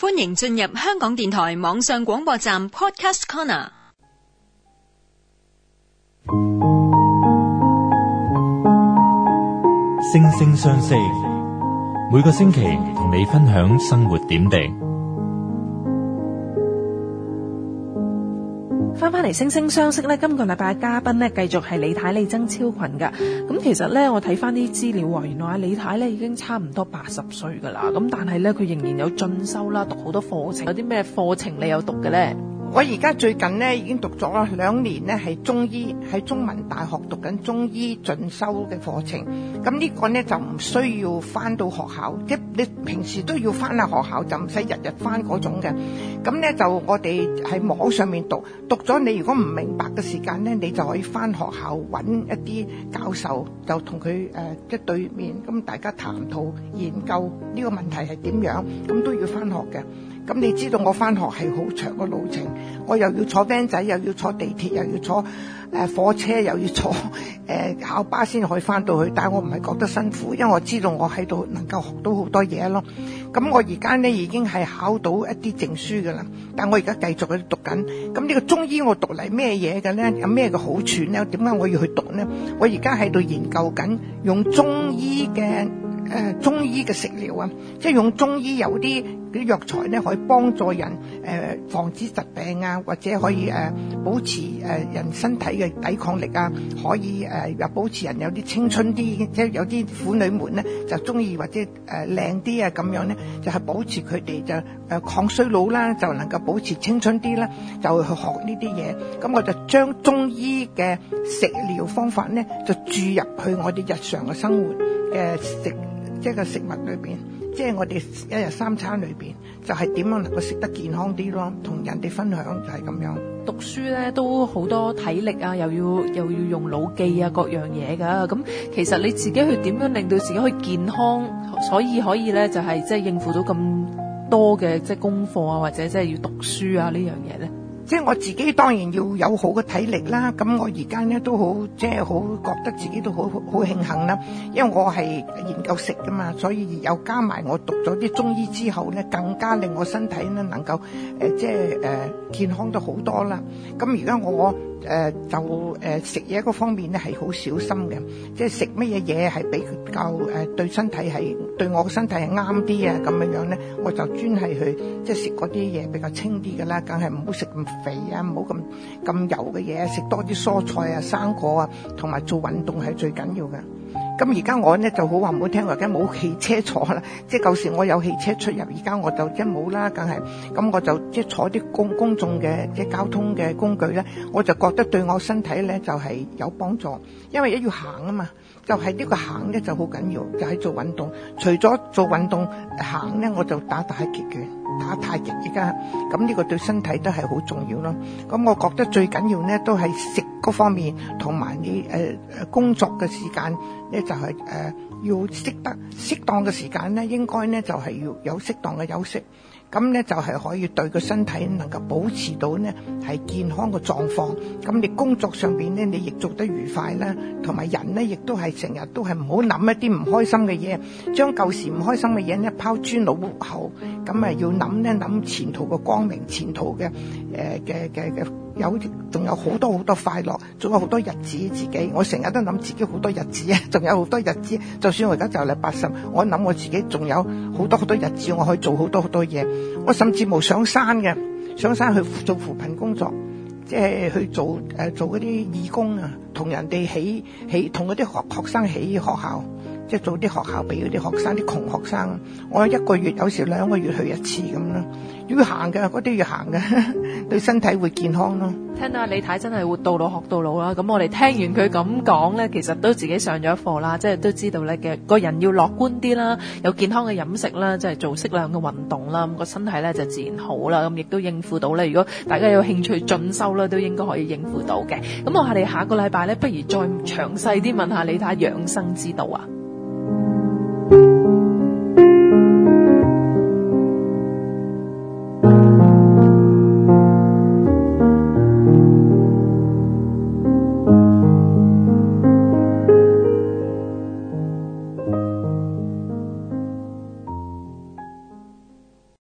歡迎進入香港電台網上廣播站 Podcast Corner，星聲相識，每個星期同你分享生活點滴。翻翻嚟星聲相識咧，今個禮拜嘅嘉賓咧繼續係李太李曾超群噶。咁其實咧，我睇翻啲資料喎，原來阿李太咧已經差唔多八十歲噶啦。咁但係咧，佢仍然有進修啦，讀好多課程。有啲咩課程你有讀嘅咧？我而家最近咧已經讀咗兩年咧，係中醫喺中文大學讀緊中醫進修嘅課程。咁呢個咧就唔需要翻到學校，即你平時都要翻下學校就唔使日日翻嗰種嘅。咁咧就我哋喺網上面讀，讀咗你如果唔明白嘅時間咧，你就可以翻學校揾一啲教授，就同佢誒即係對面咁大家談討研究呢個問題係點樣，咁都要翻學嘅。咁你知道我翻學係好長個路程，我又要坐 van 仔，又要坐地鐵，又要坐誒火車，又要坐誒校、呃、巴先可以翻到去。但係我唔係覺得辛苦，因為我知道我喺度能夠學到好多嘢咯。咁我而家咧已經係考到一啲證書噶啦。但我而家繼續喺度讀緊。咁呢個中醫我讀嚟咩嘢嘅咧？有咩嘅好處咧？點解我要去讀咧？我而家喺度研究緊用中醫嘅誒、呃、中醫嘅食療啊，即係用中醫有啲。啲藥材咧可以幫助人誒、呃、防止疾病啊，或者可以誒、呃、保持誒人身體嘅抵抗力啊，可以誒又、呃、保持人有啲青春啲，即係有啲婦女們咧就鍾意或者誒靚啲啊咁樣咧，就係、是、保持佢哋就誒、呃、抗衰老啦，就能夠保持青春啲啦，就去學呢啲嘢。咁我就將中醫嘅食療方法咧，就注入去我哋日常嘅生活嘅食即係個食物裏邊。即係我哋一日三餐裏邊，就係點樣能夠食得健康啲咯？同人哋分享就係咁樣。讀書咧都好多體力啊，又要又要用腦記啊，各樣嘢噶。咁其實你自己去點樣令到自己去健康，所以可以咧就係即係應付到咁多嘅即係功課啊，或者即係要讀書啊呢樣嘢咧。即係我自己當然要有好嘅體力啦，咁我而家咧都好即係好覺得自己都好好慶幸啦，因為我係研究食噶嘛，所以又加埋我讀咗啲中醫之後咧，更加令我身體咧能夠誒、呃、即係誒、呃、健康得好多啦。咁而家我誒、呃、就誒、呃、食嘢嗰方面咧係好小心嘅，即係食乜嘢嘢係比較誒、呃、對身體係對我個身體係啱啲啊，咁樣樣咧，我就專係去即係食嗰啲嘢比較清啲嘅啦，梗係唔好食咁肥啊，唔好咁咁油嘅嘢，食多啲蔬菜啊、生果啊，同埋做運動係最緊要嘅。咁而家我咧就好話唔好聽，而家冇汽車坐啦，即係舊時我有汽車出入，而家我就即冇啦，梗係咁我就即係坐啲公公眾嘅即交通嘅工具咧，我就覺得對我身體咧就係有幫助，因為一要行啊嘛，就係呢個行咧就好緊要，就係做運動。除咗做運動行咧，我就打太極拳，打太極。而家咁呢個對身體都係好重要咯。咁我覺得最緊要咧都係食。各方面同埋你誒誒、呃、工作嘅時間咧，就係、是、誒、呃、要識得適當嘅時間咧，應該咧就係、是、要有適當嘅休息，咁咧就係、是、可以對個身體能夠保持到咧係健康嘅狀況。咁你工作上面咧，你亦做得愉快啦，同埋人咧亦都係成日都係唔好諗一啲唔開心嘅嘢，將舊時唔開心嘅嘢咧拋諸腦後。咁啊要諗咧諗前途嘅光明，前途嘅誒嘅嘅嘅。呃有仲有好多好多快樂，仲有好多日子自己，我成日都諗自己好多日子啊，仲有好多日子。就算我而家就嚟八十，我諗我自己仲有好多好多日子，我可以做好多好多嘢。我甚至冇上山嘅，上山去做扶貧工作，即係去做誒做嗰啲義工啊，同人哋起起，同嗰啲學學生起學校。即係做啲學校俾嗰啲學生，啲窮學生，我一個月有時兩個月去一次咁咯。要行嘅，嗰啲要行嘅，對身體會健康咯。聽到，李太真係活到老學到老啦。咁我哋聽完佢咁講呢，其實都自己上咗一課啦。即係都知道呢，嘅，個人要樂觀啲啦，有健康嘅飲食啦，即係做適量嘅運動啦，咁個身體呢，就自然好啦。咁亦都應付到呢。如果大家有興趣進修咧，都應該可以應付到嘅。咁我係你下個禮拜呢，不如再詳細啲問下李太養生之道啊！